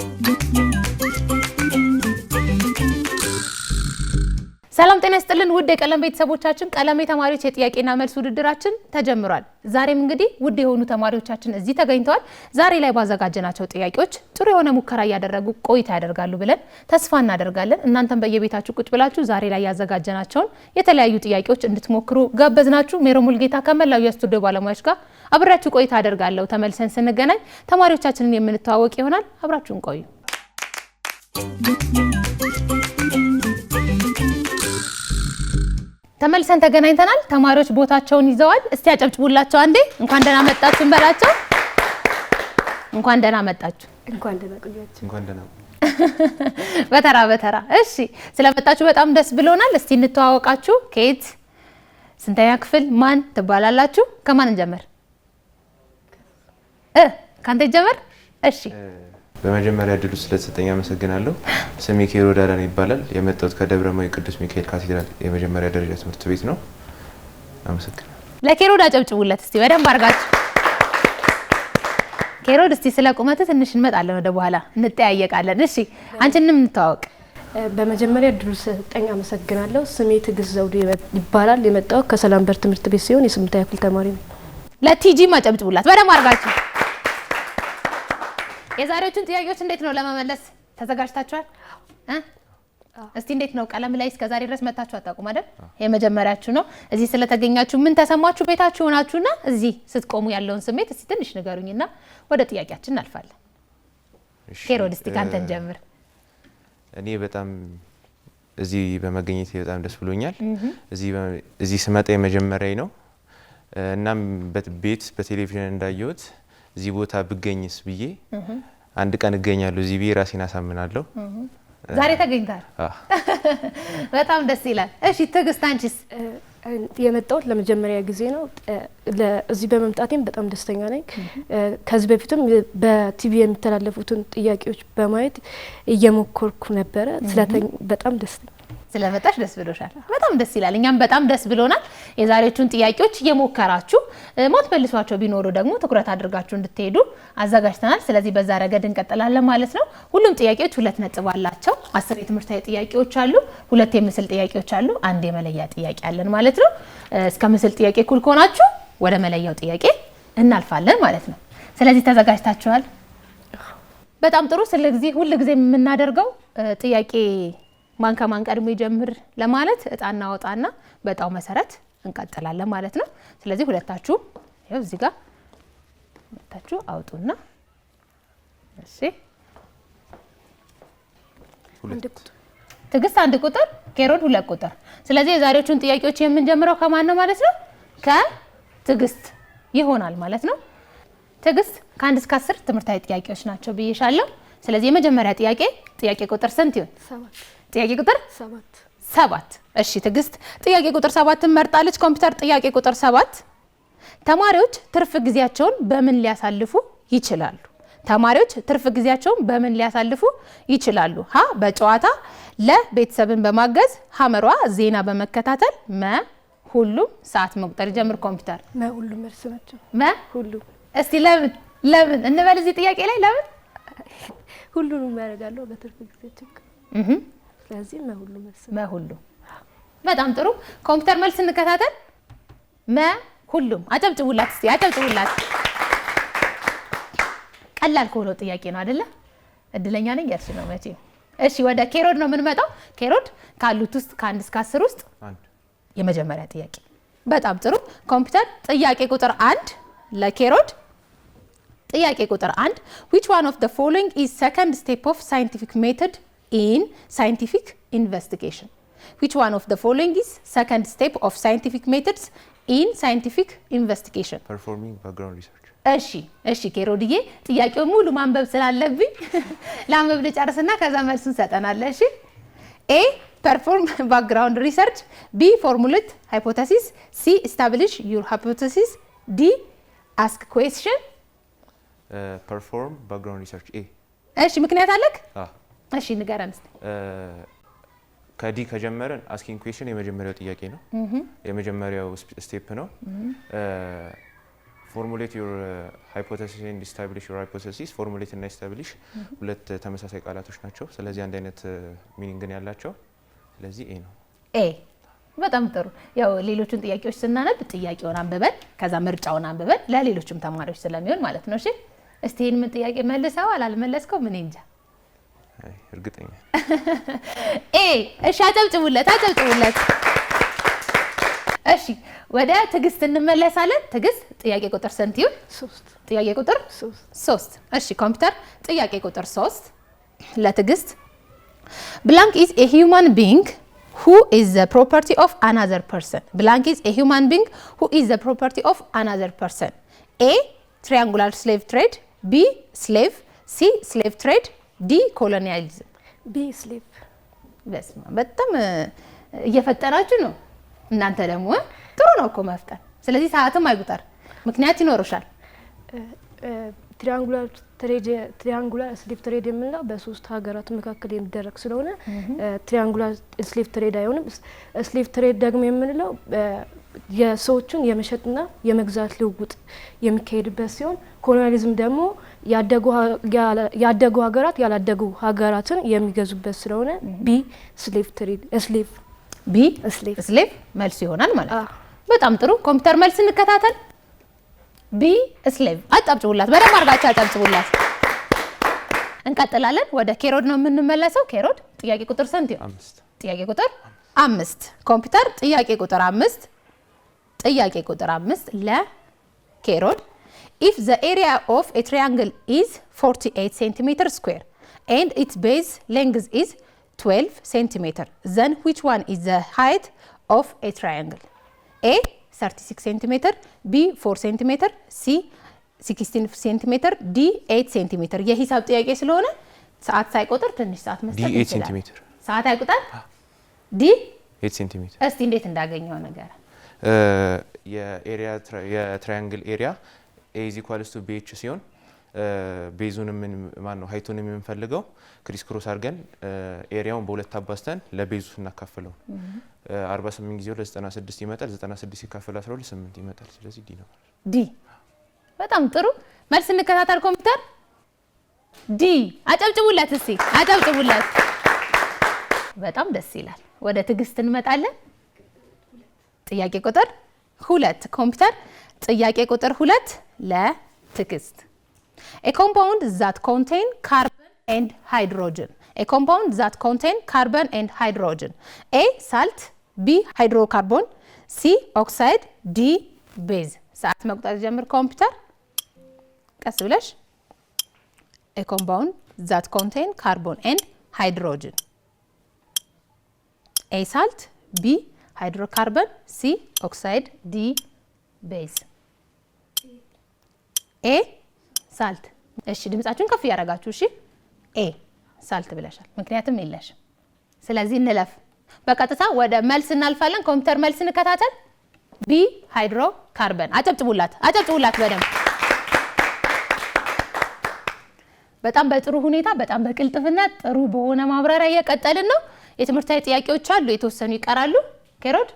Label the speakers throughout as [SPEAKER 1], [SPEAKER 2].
[SPEAKER 1] thank you ሰላም ጤና ይስጥልን ውድ የቀለም ቤተሰቦቻችን፣ ቀለም የተማሪዎች የጥያቄና መልስ ውድድራችን ተጀምሯል። ዛሬም እንግዲህ ውድ የሆኑ ተማሪዎቻችን እዚህ ተገኝተዋል። ዛሬ ላይ ባዘጋጀናቸው ጥያቄዎች ጥሩ የሆነ ሙከራ እያደረጉ ቆይታ ያደርጋሉ ብለን ተስፋ እናደርጋለን። እናንተም በየቤታችሁ ቁጭ ብላችሁ ዛሬ ላይ ያዘጋጀናቸውን የተለያዩ ጥያቄዎች እንድትሞክሩ ጋበዝናችሁ። ሜሮ ሙልጌታ ከመላው የስቱዲዮ ባለሙያዎች ጋር አብራችሁ ቆይታ አደርጋለሁ። ተመልሰን ስንገናኝ ተማሪዎቻችንን የምንተዋወቅ ይሆናል። አብራችሁን ቆዩ። ተመልሰን ተገናኝተናል። ተማሪዎች ቦታቸውን ይዘዋል። እስቲ ያጨብጭቡላቸው አንዴ። እንኳን ደህና መጣችሁ እንበላቸው። እንኳን ደህና መጣችሁ።
[SPEAKER 2] እንኳን ደህና ቆያችሁ።
[SPEAKER 3] እንኳን
[SPEAKER 1] በተራ በተራ። እሺ፣ ስለመጣችሁ በጣም ደስ ብሎናል። እስቲ እንተዋወቃችሁ። ከየት፣ ስንተኛ ክፍል፣ ማን ትባላላችሁ? ከማን እንጀምር? እ ካንተ ይጀምር። እሺ
[SPEAKER 3] በመጀመሪያ እድሉ ስለተሰጠኝ አመሰግናለሁ። ስሜ ኬሮ ዳዳን ይባላል። የመጣሁት ከደብረማዊ ቅዱስ ሚካኤል ካቴድራል የመጀመሪያ ደረጃ ትምህርት ቤት ነው። አመሰግናለሁ።
[SPEAKER 1] ለኬሮድ አጨብጭቡለት እስቲ በደንብ አድርጋችሁ። ኬሮድ እስቲ ስለ ቁመት ትንሽ እንመጣለን ወደ በኋላ እንጠያየቃለን። እሺ አንቺንም እንተዋወቅ።
[SPEAKER 2] በመጀመሪያ እድሉ ስለተሰጠኝ አመሰግናለሁ። ስሜ ትዕግስት ዘውዱ ይባላል። የመጣሁት ከሰላምበር ትምህርት ቤት ሲሆን የስምንተኛ ክፍል ተማሪ ነው።
[SPEAKER 1] ለቲጂ ማጨብጭቡላት በደንብ አድርጋችሁ የዛሬዎቹን ጥያቄዎች እንዴት ነው ለመመለስ ተዘጋጅታችኋል? እስቲ እንዴት ነው ቀለም ላይ እስከ ዛሬ ድረስ መታችሁ አታውቁም አይደል? የመጀመሪያችሁ ነው። እዚህ ስለተገኛችሁ ምን ተሰማችሁ? ቤታችሁ ሆናችሁና እዚህ ስትቆሙ ያለውን ስሜት እስቲ ትንሽ ንገሩኝና ወደ ጥያቄያችን እናልፋለን። ሄሮድ እስቲ ካንተን ጀምር።
[SPEAKER 3] እኔ በጣም እዚህ በመገኘት በጣም ደስ ብሎኛል። እዚህ ስመጣ የመጀመሪያ ነው። እናም ቤት በቴሌቪዥን እንዳየሁት እዚህ ቦታ ብገኝስ ብዬ አንድ ቀን እገኛለሁ እዚህ ብዬ ራሴን አሳምናለሁ።
[SPEAKER 1] ዛሬ ተገኝታል። በጣም ደስ ይላል። እሺ ትዕግስት፣ አንቺስ?
[SPEAKER 2] የመጣሁት ለመጀመሪያ ጊዜ ነው። እዚህ በመምጣቴም በጣም ደስተኛ ነኝ። ከዚህ በፊትም በቲቪ የሚተላለፉትን ጥያቄዎች በማየት እየሞከርኩ ነበረ። በጣም ደስተኛ
[SPEAKER 1] ስለመጣሽ ደስ ብሎሻል። በጣም ደስ ይላል። እኛም በጣም ደስ ብሎናል። የዛሬዎቹን ጥያቄዎች እየሞከራችሁ ሞት መልሷቸው ቢኖሩ ደግሞ ትኩረት አድርጋችሁ እንድትሄዱ አዘጋጅተናል። ስለዚህ በዛ ረገድ እንቀጥላለን ማለት ነው። ሁሉም ጥያቄዎች ሁለት ነጥብ አላቸው። አስር የትምህርታዊ ጥያቄዎች አሉ፣ ሁለት የምስል ጥያቄዎች አሉ፣ አንድ የመለያ ጥያቄ አለን ማለት ነው። እስከ ምስል ጥያቄ እኩል ከሆናችሁ ወደ መለያው ጥያቄ እናልፋለን ማለት ነው። ስለዚህ ተዘጋጅታችኋል? በጣም ጥሩ። ስለዚህ ጊዜ የምናደርገው ጥያቄ ማን ከማን ቀድሞ ይጀምር ለማለት እጣ እናወጣና በእጣው መሰረት እንቀጥላለን ማለት ነው። ስለዚህ ሁለታችሁም ይኸው እዚህ ጋር ሁለታችሁ አውጡና እሺ ትዕግስት አንድ ቁጥር ኬሮን ሁለት ቁጥር። ስለዚህ የዛሬዎቹን ጥያቄዎች የምንጀምረው ከማን ነው ማለት ነው? ከትዕግስት ይሆናል ማለት ነው። ትዕግስት ከአንድ እስከ አስር ትምህርታዊ ጥያቄዎች ናቸው ብዬሻለሁ። ስለዚህ የመጀመሪያ ጥያቄ ጥያቄ ቁጥር ስንት ይሆን? ጥያቄ ቁጥር ሰባት እሺ ትዕግስት ጥያቄ ቁጥር ሰባትን መርጣለች። ኮምፒውተር ጥያቄ ቁጥር ሰባት ተማሪዎች ትርፍ ጊዜያቸውን በምን ሊያሳልፉ ይችላሉ? ተማሪዎች ትርፍ ጊዜያቸውን በምን ሊያሳልፉ ይችላሉ? ሀ በጨዋታ፣ ለ ቤተሰብን በማገዝ፣ ሐመሯ ዜና በመከታተል፣ መ ሁሉም ሰዓት መቁጠር ጀምር ኮምፒውተር
[SPEAKER 2] መ ሁሉም እርስ ናቸው። መ ሁሉም
[SPEAKER 1] እስቲ ለምን ለምን እንበል እዚህ ጥያቄ ላይ ለምን
[SPEAKER 2] ሁሉንም ያደርጋለሁ በትርፍ ጊዜያቸው ስለዚህ መሁሉ መልስ
[SPEAKER 1] መሁሉ። በጣም ጥሩ ኮምፒውተር መልስ እንከታተል። መ ሁሉም አጨብጭቡላት፣ እስኪ አጨብጭቡላት። ቀላል ከሆነው ጥያቄ ነው አይደለ? እድለኛ ነኝ ያልሽ ነው መቼም። እሺ ወደ ኬሮድ ነው የምንመጣው። ኬሮድ ካሉት ውስጥ ከአንድ እስከ አስር ውስጥ የመጀመሪያ ጥያቄ። በጣም ጥሩ ኮምፒውተር ጥያቄ ቁጥር አንድ ለኬሮድ ጥያቄ ቁጥር አንድ ዊች ዋን ኦፍ ዘ ፎሎዊንግ ኢዝ ሰከንድ ስቴፕ ኦፍ ሳይንቲፊክ ሜቶድ ኢን ሳይንቲፊክ ኢንቨስቲጌሽን ዊች ዋን ኦፍ ዘ ፎሎዊንግ ኢዝ ሰከንድ ስቴፕ ኦፍ ሳይንቲፊክ ሜቶድስ ኢን ሳይንቲፊክ ኢንቨስቲጌሽን
[SPEAKER 3] ፐርፎርሚንግ ባክግራውንድ ሪሰርች
[SPEAKER 1] እሺ እሺ ኬሮድዬ ጥያቄውን ሙሉ ማንበብ ስላለብኝ ለአንበብ ልጨርስና ከዛ መልስ እንሰጠናለን። እሺ ኤ ፐርፎርም ባክግራውንድ ሪሰርች፣ ቢ ፎርሙሌት ሃይፖተሲስ፣ ሲ ኢስታብሊሽ ዩር ሃይፖተሲስ፣ ዲ አስክ ኩዌስችን።
[SPEAKER 3] ፐርፎርም ባክግራውንድ ሪሰርች ኤ።
[SPEAKER 1] እሺ ምክንያት አለክ? Ah. እሺ ንገረን እስኪ።
[SPEAKER 3] ከዲ ከጀመረን አስኪንግ ኩዌሽን የመጀመሪያው ጥያቄ ነው፣ የመጀመሪያው ስቴፕ ነው። ፎርሙሌት ዩር ሃይፖቴሲስ ኤንድ ኢስታብሊሽ ዩር ሃይፖቴሲስ። ፎርሙሌት እና ኢስታብሊሽ ሁለት ተመሳሳይ ቃላቶች ናቸው። ስለዚህ አንድ አይነት ሚኒንግ ያላቸው፣ ስለዚህ ኤ ነው።
[SPEAKER 1] ኤ በጣም ጥሩ። ያው ሌሎቹን ጥያቄዎች ስናነብ ጥያቄውን አንብበን ከዛ ምርጫውን አንብበን ለሌሎችም ተማሪዎች ስለሚሆን ማለት ነው። እሺ እስቲ ይህን ምን ጥያቄ መልሰው አላልመለስከው ምን እንጃ እርግጠኛ ኤ። እሺ፣ አጨብጭቡለት፣ አጨብጭቡለት። እሺ፣ ወደ ትዕግስት እንመለሳለን። ትዕግስት ጥያቄ ቁጥር ስንት ይሁን? ጥያቄ ቁጥር ሶስት እሺ፣ ኮምፒውተር ጥያቄ ቁጥር ሶስት ለትዕግስት ብላንክ ኢዝ ኤ ሂውማን ቢንግ ሁ ኢዝ ዘ ፕሮፐርቲ ኦፍ አናዘር ፐርሰን። ብላንክ ኢዝ ኤ ሂውማን ቢንግ ሁ ኢዝ ዘ ፕሮፐርቲ ኦፍ አናዘር ፐርሰን ኤ ትሪያንጉላር ስሌቭ ትሬድ ቢ ስሌቭ ሲ ስሌቭ ትሬድ ዲ ኮሎኒያሊዝም፣ ቢ ስሊፕ። በጣም እየፈጠራችሁ ነው እናንተ። ደግሞ ጥሩ ነው እኮ መፍጠር። ስለዚህ ሰዓትም አይቁጠር፣ ምክንያት ይኖርሻል።
[SPEAKER 2] ትሪያንጉላር ስሊፕ ትሬድ የምንለው በሶስት ሀገራት መካከል የሚደረግ ስለሆነ ትሪያንጉላር ስሊፕ ትሬድ አይሆንም። ስሊፕ ትሬድ ደግሞ የምንለው የሰዎችን የመሸጥና የመግዛት ልውውጥ የሚካሄድበት ሲሆን ኮሎኒያሊዝም ደግሞ ያደጉ ሀገራት ያላደጉ ሀገራትን የሚገዙበት ስለሆነ ቢ ስሌቭ ትሬድ ስሌቭ
[SPEAKER 1] ቢ ስሌቭ መልሱ ይሆናል ማለት ነው። በጣም ጥሩ ኮምፒውተር መልስ እንከታተል። ቢ ስሌቭ አጨብጭቡላት፣ በደንብ አድርጋችሁ አጨብጭቡላት። እንቀጥላለን። ወደ ኬሮድ ነው የምንመለሰው። ኬሮድ ጥያቄ ቁጥር ስንት? ጥያቄ ቁጥር አምስት ኮምፒውተር ጥያቄ ቁጥር አምስት ጥያቄ ቁጥር አምስት ለኬሮድ if the area of a triangle is 48 centimeter square and its base length is 12 centimeter then which one is the height of a triangle a 36 centimeter b 4 centimeter c 16 ሴንቲሜትር ዲ 8 ሴንቲሜትር የሂሳብ ጥያቄ ስለሆነ ሰዓት ሳይቆጥር ትንሽ ሰዓት
[SPEAKER 3] መስጠት ይችላል።
[SPEAKER 1] ሰዓት አይቆጥር ዲ 8 ሴንቲሜትር። እስቲ እንዴት እንዳገኘው ነገር
[SPEAKER 3] የኤሪያ የትራያንግል ኤሪያ ኤዚ ኳልስቱ ቤች ሲሆን ቤዙን ምን ማን ነው ሀይቱን የምንፈልገው ክሪስ ክሮስ አድርገን ኤሪያውን በሁለት አባስተን ለቤዙ ስናካፍለው 48 ጊዜ ወደ 96 ይመጣል። 96 ሲካፈል 12 8 ይመጣል። ስለዚህ ዲ ነው
[SPEAKER 1] ዲ። በጣም ጥሩ መልስ እንከታተል። ኮምፒውተር ዲ። አጨብጭቡለት እስቲ አጨብጭቡለት። በጣም ደስ ይላል። ወደ ትዕግስት እንመጣለን። ጥያቄ ቁጥር ሁለት ኮምፒውተር ጥያቄ ቁጥር ሁለት ለትዕግስት ኤ ኮምፓውንድ ዛት ኮንቴን ካርበን ኤንድ ሃይድሮጅን ኤ ኮምፓውንድ ዛት ኮንቴን ካርበን ኤንድ ሃይድሮጅን ኤ ሳልት፣ ቢ ሃይድሮካርቦን፣ ሲ ኦክሳይድ፣ ዲ ቤዝ። ሰዓት መቁጠር ጀምር ኮምፒውተር፣ ቀስ ብለሽ። ኤ ኮምፓውንድ ዛት ኮንቴን ካርቦን ኤንድ ሃይድሮጅን ኤ ሳልት፣ ቢ ሃይድሮካርበን፣ ሲ ኦክሳይድ፣ ዲ ቤዝ ኤ ሳልት። እሺ ድምጻችሁን ከፍ እያደረጋችሁ እሺ። ኤ ሳልት ብለሻል፣ ምክንያቱም የለሽም። ስለዚህ እንለፍ። በቀጥታ ወደ መልስ እናልፋለን። ኮምፒውተር መልስ እንከታተል። ቢ ሃይድሮ ካርበን። አጨብጭቡላት፣ አጨብጭቡላት በደንብ በጣም በጥሩ ሁኔታ በጣም በቅልጥፍና ጥሩ በሆነ ማብራሪያ እየቀጠልን ነው። የትምህርታዊ ጥያቄዎች አሉ፣ የተወሰኑ ይቀራሉ። ኬሮድ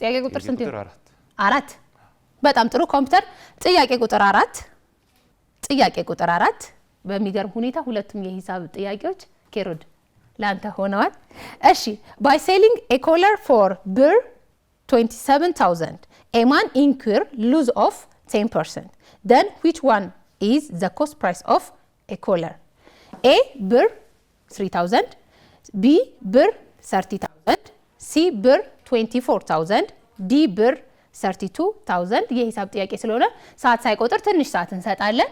[SPEAKER 1] ጥያቄ ቁጥር ስንት? አራት። በጣም ጥሩ ኮምፒውተር ጥያቄ ቁጥር አራት ጥያቄ ቁጥር አራት በሚገርም ሁኔታ ሁለቱም የሂሳብ ጥያቄዎች ኬሮድ ለአንተ ሆነዋል። እሺ ባይ ሴሊንግ ኤ ኮለር ፎር ብር 27000 ኤ ማን ኢንኩር ሉዝ ኦፍ 10 ፐርሰንት ደን ዊች ዋን ኢዝ ዘ ኮስት ፕራይስ ኦፍ ኤ ኮለር ኤ ብር 3000 ቢ ብር 30000 ሲ ብር 24000 ዲ ብር 32000 የሂሳብ ጥያቄ ስለሆነ ሰዓት ሳይቆጥር ትንሽ ሰዓት እንሰጣለን።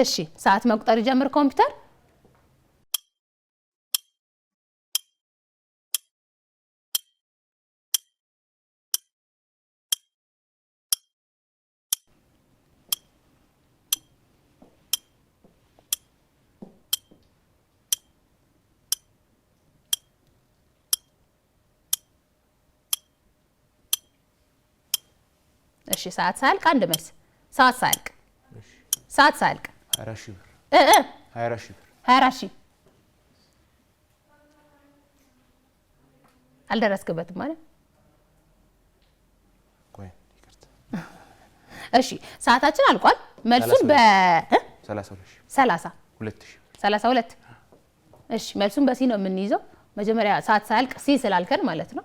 [SPEAKER 1] እሺ ሰዓት መቁጠር ይጀምር ኮምፒውተር። እሺ፣ ሰዓት ሳያልቅ አንድ መልስ። ሰዓት ሳያልቅ ሰዓት ሳያልቅ
[SPEAKER 3] 24 ብር 24 ሺህ ብር
[SPEAKER 1] 24 አልደረስክበትም ማለት ቆይ፣ እሺ፣ ሰዓታችን አልቋል። መልሱን በ
[SPEAKER 3] 30
[SPEAKER 1] 32 እሺ፣ መልሱን በሲ ነው የምንይዘው። መጀመሪያ ሰዓት ሳያልቅ ሲ ስላልከን ማለት ነው፣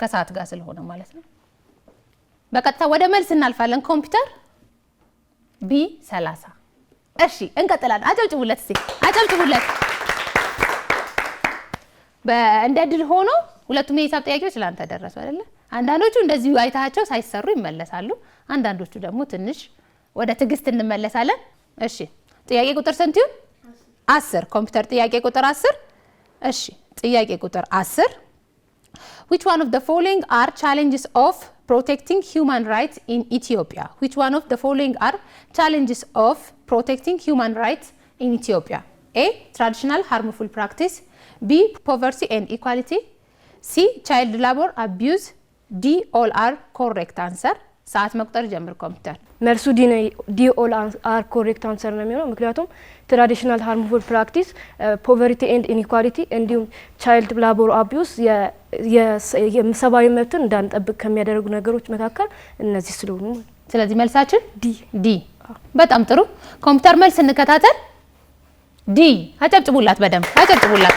[SPEAKER 1] ከሰዓት ጋር ስለሆነ ማለት ነው። በቀጥታ ወደ መልስ እናልፋለን። ኮምፒውተር ቢ 30። እሺ እንቀጥላለን። አጨብጭቡለት እስኪ አጨብጭቡለት። እንደ ድል ሆኖ ሁለቱም የሂሳብ ጥያቄዎች ለአንተ ደረሱ አይደለ? አንዳንዶቹ እንደዚሁ አይታቸው ሳይሰሩ ይመለሳሉ። አንዳንዶቹ ደግሞ ትንሽ ወደ ትዕግስት እንመለሳለን። እሺ ጥያቄ ቁጥር ስንት ይሁን? አስር ኮምፒውተር ጥያቄ ቁጥር አስር እሺ ጥያቄ ቁጥር አስር which one of the following are challenges of protecting human rights in Ethiopia, which one of the following are challenges of protecting human rights in Ethiopia? A. Traditional harmful practice. B. Poverty and equality. C. Child labor abuse. D. All are correct answer. ሰዓት መቁጠር ጀምር ኮምፒውተር።
[SPEAKER 2] መልሱ ዲ ኦል አር ኮሬክት አንሰር ነው የሚሆነው ምክንያቱም ትራዲሽናል ሃርምፉል ፕራክቲስ ፖቨርቲ ኤንድ ኢኒኳሊቲ እንዲሁም ቻይልድ ላቦር አቢዩስ የሰብአዊ መብትን እንዳንጠብቅ ከሚያደርጉ ነገሮች መካከል እነዚህ ስለሆኑ
[SPEAKER 1] ስለዚህ መልሳችን ዲ ዲ። በጣም ጥሩ ኮምፒውተር መልስ እንከታተል። ዲ አጨብጭቡላት፣ በደንብ አጨብጭቡላት።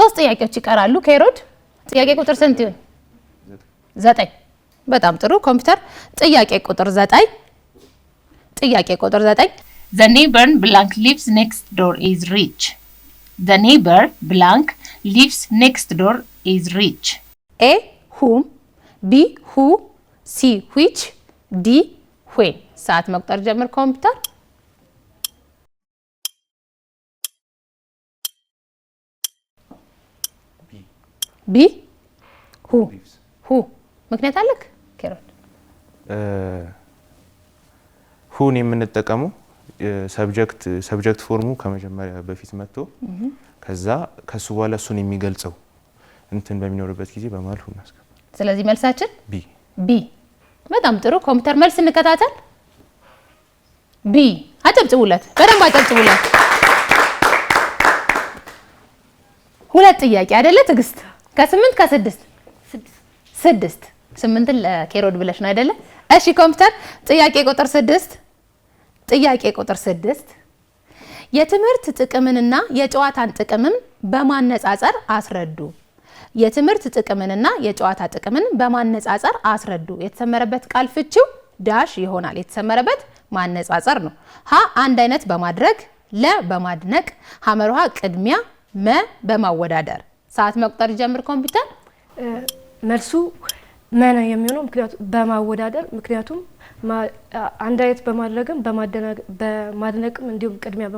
[SPEAKER 1] ሶስት ጥያቄዎች ይቀራሉ። ከሄሮድ ጥያቄ ቁጥር ስንት ይሆን ዘጠኝ በጣም ጥሩ ኮምፒውተር ጥያቄ ቁጥር ዘጠኝ ጥያቄ ቁጥር ዘጠኝ ዘ ኔበር ብላንክ ሊቭስ ኔክስት ዶር ኢዝ ሪች ዘ ኔበር ብላንክ ሊቭስ ኔክስት ዶር ኢዝ ሪች ኤ ሁም ቢ ሁ ሲ ዊች ዲ ዌን ሰዓት መቁጠር ጀምር ኮምፒውተር ቢ ሁ ሁ ምክንያት አለክ ኬሮን?
[SPEAKER 3] ሁን የምንጠቀመው ሰብጀክት ሰብጀክት ፎርሙ ከመጀመሪያ በፊት መጥቶ ከዛ ከሱ በኋላ እሱን የሚገልጸው እንትን በሚኖርበት ጊዜ በመሀል ሁን እናስገባ።
[SPEAKER 1] ስለዚህ መልሳችን ቢ ቢ። በጣም ጥሩ ኮምፒውተር መልስ እንከታተል። ቢ አጨብጭቡለት፣ በደንብ አጨብጭቡለት። ሁለት ጥያቄ አይደለ ትዕግስት ከስምንት ከስድስት ስድስት ስምንትን ለኬሮድ ብለሽ ነው አይደለ? እሺ ኮምፒውተር ጥያቄ ቁጥር ስድስት ጥያቄ ቁጥር ስድስት የትምህርት ጥቅምንና የጨዋታን ጥቅምን በማነጻጸር አስረዱ። የትምህርት ጥቅምንና የጨዋታ ጥቅምን በማነጻጸር አስረዱ። የተሰመረበት ቃል ፍቺው ዳሽ ይሆናል። የተሰመረበት ማነጻጸር ነው። ሀ አንድ አይነት በማድረግ ለ በማድነቅ ሀመርሃ ቅድሚያ መ በማወዳደር ሰዓት መቁጠር ጀምር ኮምፒውተር
[SPEAKER 2] መልሱ መነ የሚሆነው ምክንያቱ በማወዳደር ምክንያቱም አንድ አይነት በማድረግም በማድነቅም እንዲሁም ቅድሚያ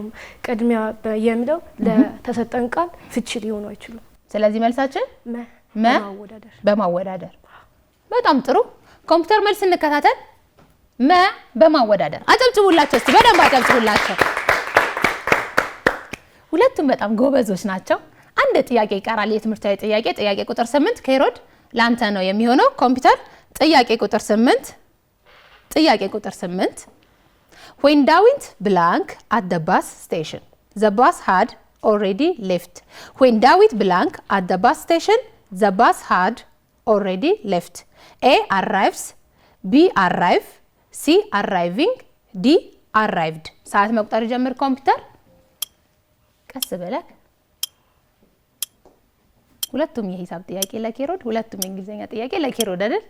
[SPEAKER 2] ቅድሚያ የሚለው ለተሰጠን ቃል ፍቺ ሊሆኑ አይችሉም።
[SPEAKER 1] ስለዚህ መልሳችን በማወዳደር በጣም ጥሩ። ኮምፒውተር መልስ እንከታተል። መ በማወዳደር አጨብጭቡላቸው፣ እስቲ በደንብ አጨብጭቡላቸው። ሁለቱም በጣም ጎበዞች ናቸው። አንድ ጥያቄ ይቀራል፣ የትምህርታዊ ጥያቄ ጥያቄ ቁጥር ስምንት ከሄሮድ ላንተ ነው የሚሆነው። ኮምፒውተር ጥያቄ ቁጥር 8 ጥያቄ ቁጥር 8 ዌን ዳዊት ብላንክ አት ዘ ባስ ስቴሽን ዘ ባስ ሃድ ኦልሬዲ ሌፍት ዌን ዳዊት ብላንክ አት ዘ ባስ ስቴሽን ዘ ባስ ሃድ ኦልሬዲ ሌፍት ኤ አራይቭስ ቢ አራይቭ ሲ አራይቪንግ ዲ አራይቭድ ሰዓት መቁጠር ጀምር ኮምፒውተር ቀስ በለክ ሁለቱም የሂሳብ ጥያቄ ለኬሮድ፣ ሁለቱም የእንግሊዝኛ ጥያቄ ለኬሮድ አይደል?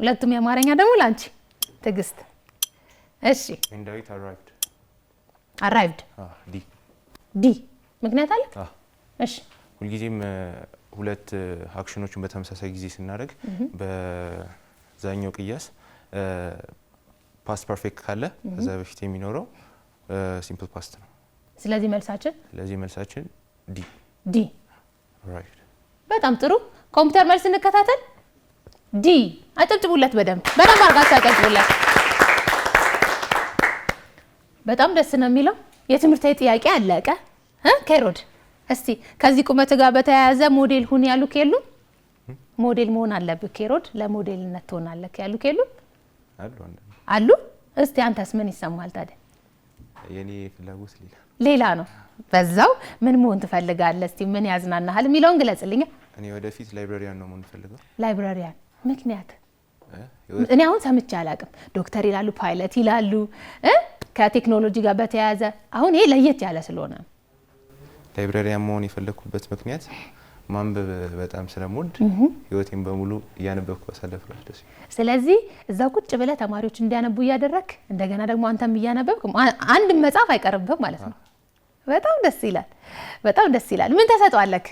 [SPEAKER 1] ሁለቱም የአማርኛ ደግሞ ለአንቺ ትዕግስት። እሺ አራይቭድ ዲ ah, ምክንያት አለ። ah. እሺ
[SPEAKER 3] ሁልጊዜም uh, ሁለት አክሽኖችን uh, በተመሳሳይ ጊዜ ስናደርግ በዛኛው ቅያስ ፓስት uh, ፐርፌክት ካለ ከዛ በፊት የሚኖረው ሲምፕል ፓስት ነው።
[SPEAKER 1] ስለዚህ መልሳችን
[SPEAKER 3] ስለዚህ መልሳችን ዲ ዲ ራይት
[SPEAKER 1] በጣም ጥሩ። ኮምፒውተር መልስ እንከታተል። ዲ አጨብጭቡለት፣ በደንብ በደንብ አድርጋችሁ አጨብጭቡለት። በጣም ደስ ነው የሚለው። የትምህርታዊ ጥያቄ አለቀ። ኬሮድ እስቲ ከዚህ ቁመት ጋር በተያያዘ ሞዴል ሁን ያሉ ከሉ ሞዴል መሆን አለብህ ኬሮድ፣ ለሞዴልነት ትሆናለህ ያሉክ የሉም? አሉ። እስቲ አንተስ ምን ይሰማል ታዲያ?
[SPEAKER 3] የኔ ፍላጎት
[SPEAKER 1] ሌላ ነው። በዛው ምን መሆን ትፈልጋለህ? እስቲ ምን ያዝናናሃል የሚለውን ግለጽልኝ።
[SPEAKER 3] እኔ ወደፊት ላይብራሪያን ነው መሆን ፈልገው።
[SPEAKER 1] ላይብራሪያን ምክንያት እኔ አሁን ሰምቼ አላውቅም። ዶክተር ይላሉ፣ ፓይለት ይላሉ፣ ከቴክኖሎጂ ጋር በተያያዘ አሁን ይሄ ለየት ያለ ስለሆነ
[SPEAKER 3] ላይብራሪያን መሆን የፈለግኩበት ምክንያት ማንበብ በጣም ስለምወድ ህይወቴን በሙሉ እያነበብኩ ባሳለፍ ደስ።
[SPEAKER 1] ስለዚህ እዛው ቁጭ ብለህ ተማሪዎች እንዲያነቡ እያደረግ እንደገና ደግሞ አንተም እያነበብክ አንድ መጽሐፍ አይቀርብም ማለት ነው። በጣም ደስ ይላል። በጣም ደስ ይላል። ምን ተሰጧለክ?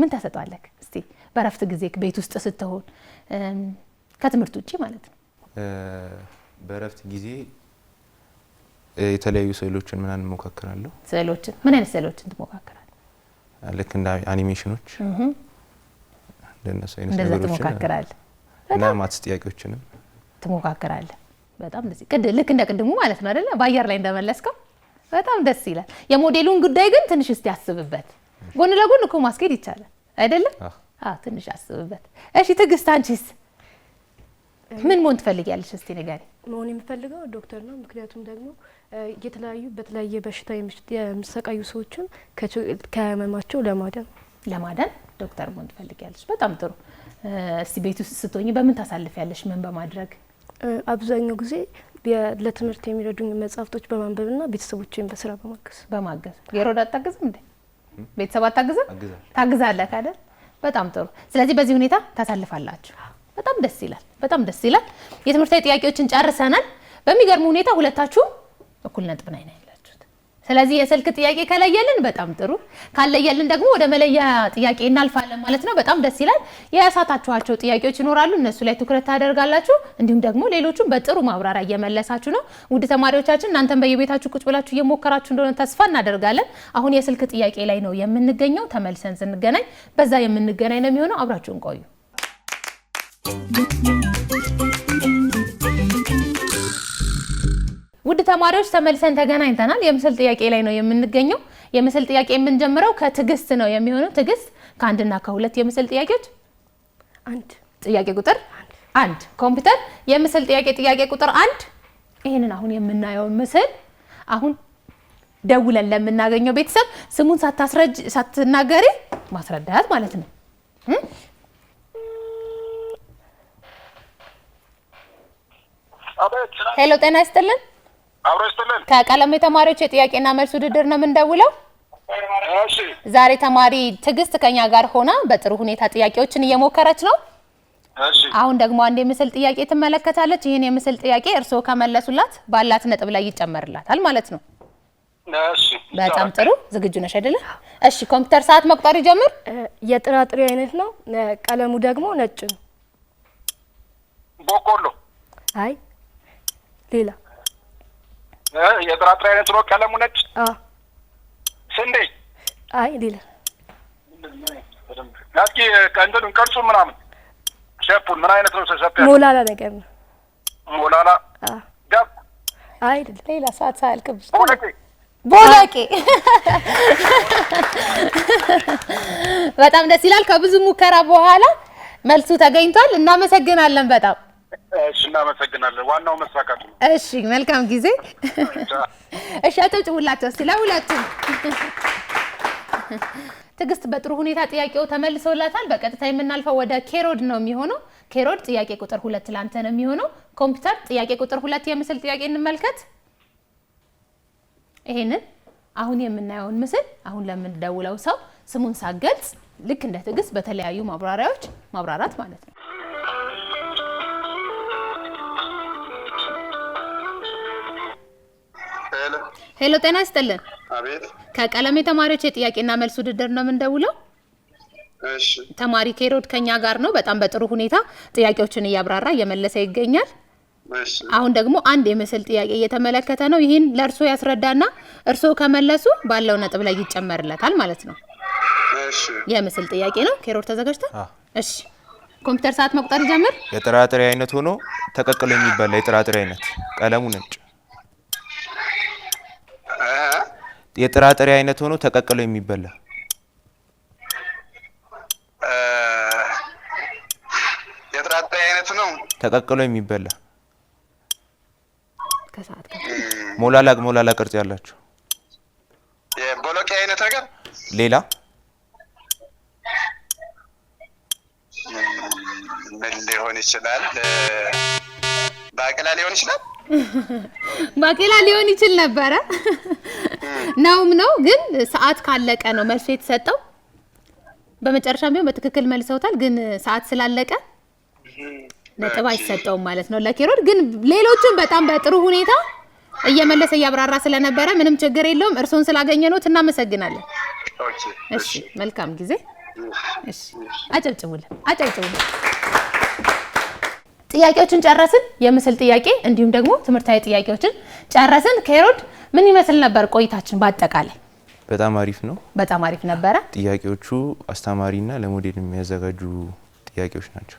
[SPEAKER 1] ምን ተሰጧለክ? እስቲ በረፍት ጊዜ ቤት ውስጥ ስትሆን ከትምህርት ውጭ ማለት ነው።
[SPEAKER 3] በረፍት ጊዜ የተለያዩ ስዕሎችን ምናምን እሞካከራለሁ።
[SPEAKER 1] ስዕሎችን ምን አይነት ስዕሎችን ትሞካከራለህ?
[SPEAKER 3] ልክ እንደ አኒሜሽኖች እንደነሱ አይነት
[SPEAKER 1] ነገሮችን ትሞካከራለህ
[SPEAKER 3] እና ማትስ ጥያቄዎችንም
[SPEAKER 1] ትሞካከራለህ። በጣም ልክ እንደ ቅድሙ ማለት ነው አይደለ? በአየር ላይ እንደመለስከው በጣም ደስ ይላል። የሞዴሉን ጉዳይ ግን ትንሽ እስቲ አስብበት። ጎን ለጎን እኮ ማስኬድ ይቻላል አይደለም? ትንሽ አስብበት። እሺ ትዕግስት፣ አንቺስ ምን መሆን ትፈልጊያለሽ? እስቲ ንገሪኝ።
[SPEAKER 2] መሆን የምፈልገው ዶክተር ነው። ምክንያቱም ደግሞ የተለያዩ በተለያየ በሽታ የሚሰቃዩ ሰዎችን ከህመማቸው ለማዳን
[SPEAKER 1] ለማዳን ዶክተር መሆን ትፈልጊያለሽ? በጣም ጥሩ። እስቲ ቤት ውስጥ ስትሆኝ በምን ታሳልፊያለሽ? ምን በማድረግ
[SPEAKER 2] አብዛኛው ጊዜ ለትምህርት የሚረዱኝ መጽሐፍቶች በማንበብና ቤተሰቦችን በስራ በማገዝ
[SPEAKER 1] በማገዝ የሮዳ አታግዝም እንዴ? ቤተሰብ አታግዝም? ታግዛለህ አይደል? በጣም ጥሩ። ስለዚህ በዚህ ሁኔታ ታሳልፋላችሁ። በጣም ደስ ይላል። በጣም ደስ ይላል። የትምህርታዊ ጥያቄዎችን ጨርሰናል። በሚገርሙ ሁኔታ ሁለታችሁም እኩል ነጥብ ናይ ስለዚህ የስልክ ጥያቄ ከለየልን በጣም ጥሩ፣ ካለየልን ደግሞ ወደ መለያ ጥያቄ እናልፋለን ማለት ነው። በጣም ደስ ይላል። የያሳታችኋቸው ጥያቄዎች ይኖራሉ፣ እነሱ ላይ ትኩረት ታደርጋላችሁ። እንዲሁም ደግሞ ሌሎቹም በጥሩ ማብራሪያ እየመለሳችሁ ነው። ውድ ተማሪዎቻችን እናንተን በየቤታችሁ ቁጭ ብላችሁ እየሞከራችሁ እንደሆነ ተስፋ እናደርጋለን። አሁን የስልክ ጥያቄ ላይ ነው የምንገኘው። ተመልሰን ስንገናኝ በዛ የምንገናኝ ነው የሚሆነው። አብራችሁን ቆዩ። ውድ ተማሪዎች ተመልሰን ተገናኝተናል። የምስል ጥያቄ ላይ ነው የምንገኘው። የምስል ጥያቄ የምንጀምረው ከትዕግስት ነው የሚሆነው። ትዕግስት ከአንድና ከሁለት የምስል ጥያቄዎች አንድ ጥያቄ ቁጥር አንድ ኮምፒውተር የምስል ጥያቄ ጥያቄ ቁጥር አንድ ይህንን አሁን የምናየውን ምስል አሁን ደውለን ለምናገኘው ቤተሰብ ስሙን ሳታስረጅ ሳትናገሪ ማስረዳት ማለት ነው። ሄሎ ጤና ይስጥልን። አብሮ ይስጥልን። ከቀለም የተማሪዎች የጥያቄና መልስ ውድድር ነው የምንደውለው። ዛሬ ተማሪ ትዕግስት ከኛ ጋር ሆና በጥሩ ሁኔታ ጥያቄዎችን እየሞከረች ነው። አሁን ደግሞ አንድ የምስል ጥያቄ ትመለከታለች። ይህን የምስል ጥያቄ እርስዎ ከመለሱላት ባላት ነጥብ ላይ ይጨመርላታል ማለት ነው። በጣም ጥሩ ዝግጁ ነሽ አይደለ? እሺ ኮምፒውተር ሰዓት መቁጠር ይጀምር።
[SPEAKER 2] የጥራጥሬ አይነት ነው። ቀለሙ ደግሞ ነጭ ነው። ቦቆሎ። አይ ሌላ
[SPEAKER 4] የጥራጥሬ አይነት ነው። ቀለሙ ነጭ ስንዴ። አይ ሌላ እስኪ እንትኑን ቅርጹ ምናምን ሸፑን ምን አይነት ነው? ሸፕ
[SPEAKER 2] ሞላላ ነገር ነው።
[SPEAKER 4] ሞላላ ዳብ
[SPEAKER 2] አይደል? ሌላ ሰዓት ሳያልቅብሽ
[SPEAKER 4] ቦለቄ
[SPEAKER 1] በጣም ደስ ይላል። ከብዙ ሙከራ በኋላ መልሱ ተገኝቷል። እናመሰግናለን በጣም
[SPEAKER 4] እሺ፣ እናመሰግናለን። ዋናው መሳካቱ ነው።
[SPEAKER 1] እሺ፣ መልካም ጊዜ። እሺ፣ ጭውላቸው እስኪ ለሁለቱም። ትዕግስት በጥሩ ሁኔታ ጥያቄው ተመልሶላታል። በቀጥታ የምናልፈው ወደ ኬሮድ ነው የሚሆነው። ኬሮድ ጥያቄ ቁጥር ሁለት ለአንተ ነው የሚሆነው። ኮምፒውተር ጥያቄ ቁጥር ሁለት የምስል ጥያቄ እንመልከት። ይሄንን አሁን የምናየውን ምስል አሁን ለምንደውለው ሰው ስሙን ሳገልጽ ልክ እንደ ትዕግስት በተለያዩ ማብራሪያዎች ማብራራት ማለት ነው። ሄሎ፣ ጤና ይስጥልን። አቤት። ከቀለም የተማሪዎች የጥያቄና መልስ ውድድር ነው የምንደውለው። እሺ። ተማሪ ኬሮድ ከኛ ጋር ነው። በጣም በጥሩ ሁኔታ ጥያቄዎችን እያብራራ እየመለሰ ይገኛል። አሁን ደግሞ አንድ የምስል ጥያቄ እየተመለከተ ነው። ይህን ለእርሶ ያስረዳና እርሶ ከመለሱ ባለው ነጥብ ላይ ይጨመርለታል ማለት ነው። የምስል ጥያቄ ነው። ኬሮድ ተዘጋጅተ? እሺ። ኮምፒውተር ሰዓት መቁጠር ጀምር።
[SPEAKER 3] የጥራጥሬ አይነት ሆኖ ተቀቅሎ የሚበላ የጥራጥሬ አይነት ቀለሙ ነጭ የጥራጥሬ አይነት ሆኖ ተቀቅሎ የሚበላ
[SPEAKER 4] የጥራጥሬ አይነት ነው።
[SPEAKER 3] ተቀቅሎ የሚበላ ሞላላ ሞላላ ቅርጽ ያላቸው
[SPEAKER 4] የቦሎቄ አይነት ነገር ሌላ ምን ሊሆን ይችላል? ባቅላ ሊሆን ይችላል።
[SPEAKER 1] ባቄላ ሊሆን ይችል ነበረ። ነውም ነው ግን ሰዓት ካለቀ ነው መልሶ የተሰጠው። በመጨረሻም ቢሆን በትክክል መልሰውታል፣ ግን ሰዓት ስላለቀ ነጥብ አይሰጠውም ማለት ነው ለኬሮድ። ግን ሌሎቹን በጣም በጥሩ ሁኔታ እየመለሰ እያብራራ ስለነበረ ምንም ችግር የለውም። እርስዎን ስላገኘነዎት እናመሰግናለን። እሺ፣ መልካም ጊዜ። እሺ፣ አጨብጭቡልን፣ አጨብጭቡልን። ጥያቄዎችን ጨረስን። የምስል ጥያቄ እንዲሁም ደግሞ ትምህርታዊ ጥያቄዎችን ጨረስን። ከሄሮድ ምን ይመስል ነበር ቆይታችን? በአጠቃላይ
[SPEAKER 3] በጣም አሪፍ ነው።
[SPEAKER 1] በጣም አሪፍ ነበረ።
[SPEAKER 3] ጥያቄዎቹ አስተማሪና ለሞዴል የሚያዘጋጁ ጥያቄዎች ናቸው።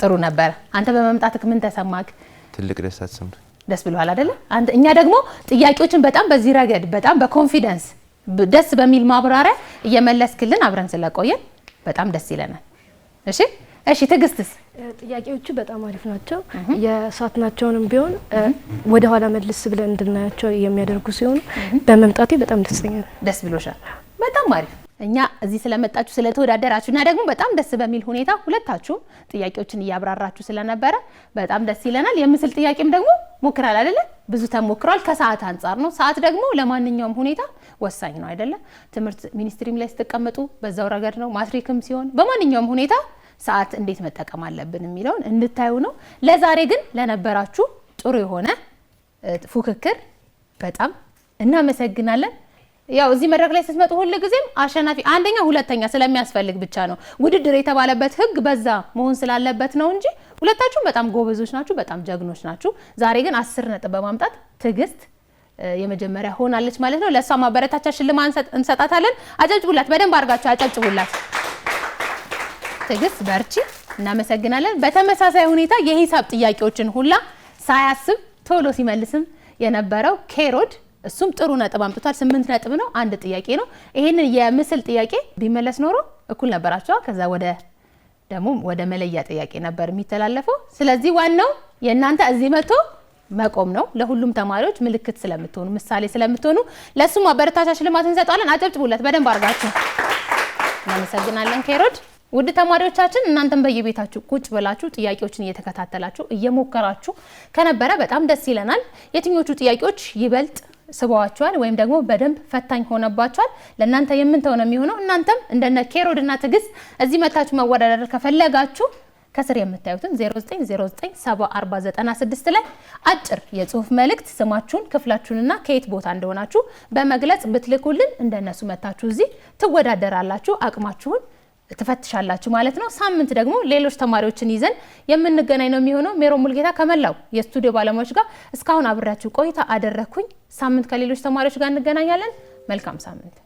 [SPEAKER 1] ጥሩ ነበረ። አንተ በመምጣትክ ምን ተሰማክ?
[SPEAKER 3] ትልቅ ደስታ ተሰምቶ
[SPEAKER 1] ደስ ብሎሃል አይደለ? እኛ ደግሞ ጥያቄዎችን በጣም በዚህ ረገድ በጣም በኮንፊደንስ ደስ በሚል ማብራሪያ እየመለስክልን አብረን ስለቆየን በጣም ደስ ይለናል። እሺ እሺ፣ ትዕግስትስ
[SPEAKER 2] ጥያቄዎቹ በጣም አሪፍ ናቸው። የእሳት ናቸውንም ቢሆን ወደ ኋላ መልስ ብለን እንድናያቸው የሚያደርጉ ሲሆኑ በመምጣቴ በጣም ደስተኛ ነው።
[SPEAKER 1] ደስ ብሎሻል? በጣም አሪፍ። እኛ እዚህ ስለመጣችሁ ስለተወዳደራችሁ እና ደግሞ በጣም ደስ በሚል ሁኔታ ሁለታችሁም ጥያቄዎችን እያብራራችሁ ስለነበረ በጣም ደስ ይለናል። የምስል ጥያቄም ደግሞ ሞክራል አይደለ? ብዙ ተሞክሯል። ከሰዓት አንጻር ነው። ሰዓት ደግሞ ለማንኛውም ሁኔታ ወሳኝ ነው አይደለ? ትምህርት ሚኒስትሪም ላይ ስትቀመጡ በዛው ረገድ ነው። ማትሪክም ሲሆን በማንኛውም ሁኔታ ሰዓት እንዴት መጠቀም አለብን የሚለውን እንድታዩ ነው። ለዛሬ ግን ለነበራችሁ ጥሩ የሆነ ፉክክር በጣም እናመሰግናለን። ያው እዚህ መድረክ ላይ ስትመጡ ሁል ጊዜም አሸናፊ አንደኛ፣ ሁለተኛ ስለሚያስፈልግ ብቻ ነው። ውድድር የተባለበት ህግ በዛ መሆን ስላለበት ነው እንጂ ሁለታችሁም በጣም ጎበዞች ናችሁ፣ በጣም ጀግኖች ናችሁ። ዛሬ ግን አስር ነጥብ በማምጣት ትዕግስት የመጀመሪያ ሆናለች ማለት ነው። ለእሷ ማበረታቻ ሽልማት እንሰጣታለን። አጨብጭቡላት፣ በደንብ አድርጋችሁ አጨብጭቡላት። ትዕግስት በርቺ። እናመሰግናለን። በተመሳሳይ ሁኔታ የሂሳብ ጥያቄዎችን ሁላ ሳያስብ ቶሎ ሲመልስም የነበረው ኬሮድ እሱም ጥሩ ነጥብ አምጥቷል። ስምንት ነጥብ ነው። አንድ ጥያቄ ነው። ይህንን የምስል ጥያቄ ቢመለስ ኖሮ እኩል ነበራቸዋል። ከዛ ወደ ደግሞ ወደ መለያ ጥያቄ ነበር የሚተላለፈው። ስለዚህ ዋናው የእናንተ እዚህ መጥቶ መቆም ነው። ለሁሉም ተማሪዎች ምልክት ስለምትሆኑ ምሳሌ ስለምትሆኑ ለእሱም አበረታቻ ሽልማት እንሰጣለን። አጨብጭቡለት በደንብ አድርጋችሁ። እናመሰግናለን ኬሮድ። ውድ ተማሪዎቻችን እናንተም በየቤታችሁ ቁጭ ብላችሁ ጥያቄዎችን እየተከታተላችሁ እየሞከራችሁ ከነበረ በጣም ደስ ይለናል። የትኞቹ ጥያቄዎች ይበልጥ ስበዋችኋል ወይም ደግሞ በደንብ ፈታኝ ሆነባችኋል? ለእናንተ የምንተው ነው የሚሆነው። እናንተም እንደነ ኬሮድና ትዕግስት እዚህ መታችሁ መወዳደር ከፈለጋችሁ ከስር የምታዩትን 09097496 ላይ አጭር የጽሁፍ መልእክት ስማችሁን ክፍላችሁንና ከየት ቦታ እንደሆናችሁ በመግለጽ ብትልኩልን እንደነሱ መታችሁ እዚህ ትወዳደራላችሁ አቅማችሁን ትፈትሻላችሁ ማለት ነው። ሳምንት ደግሞ ሌሎች ተማሪዎችን ይዘን የምንገናኝ ነው የሚሆነው። ሜሮን ሙልጌታ ከመላው የስቱዲዮ ባለሙያዎች ጋር እስካሁን አብሬያችሁ ቆይታ አደረግኩኝ። ሳምንት ከሌሎች ተማሪዎች ጋር እንገናኛለን። መልካም ሳምንት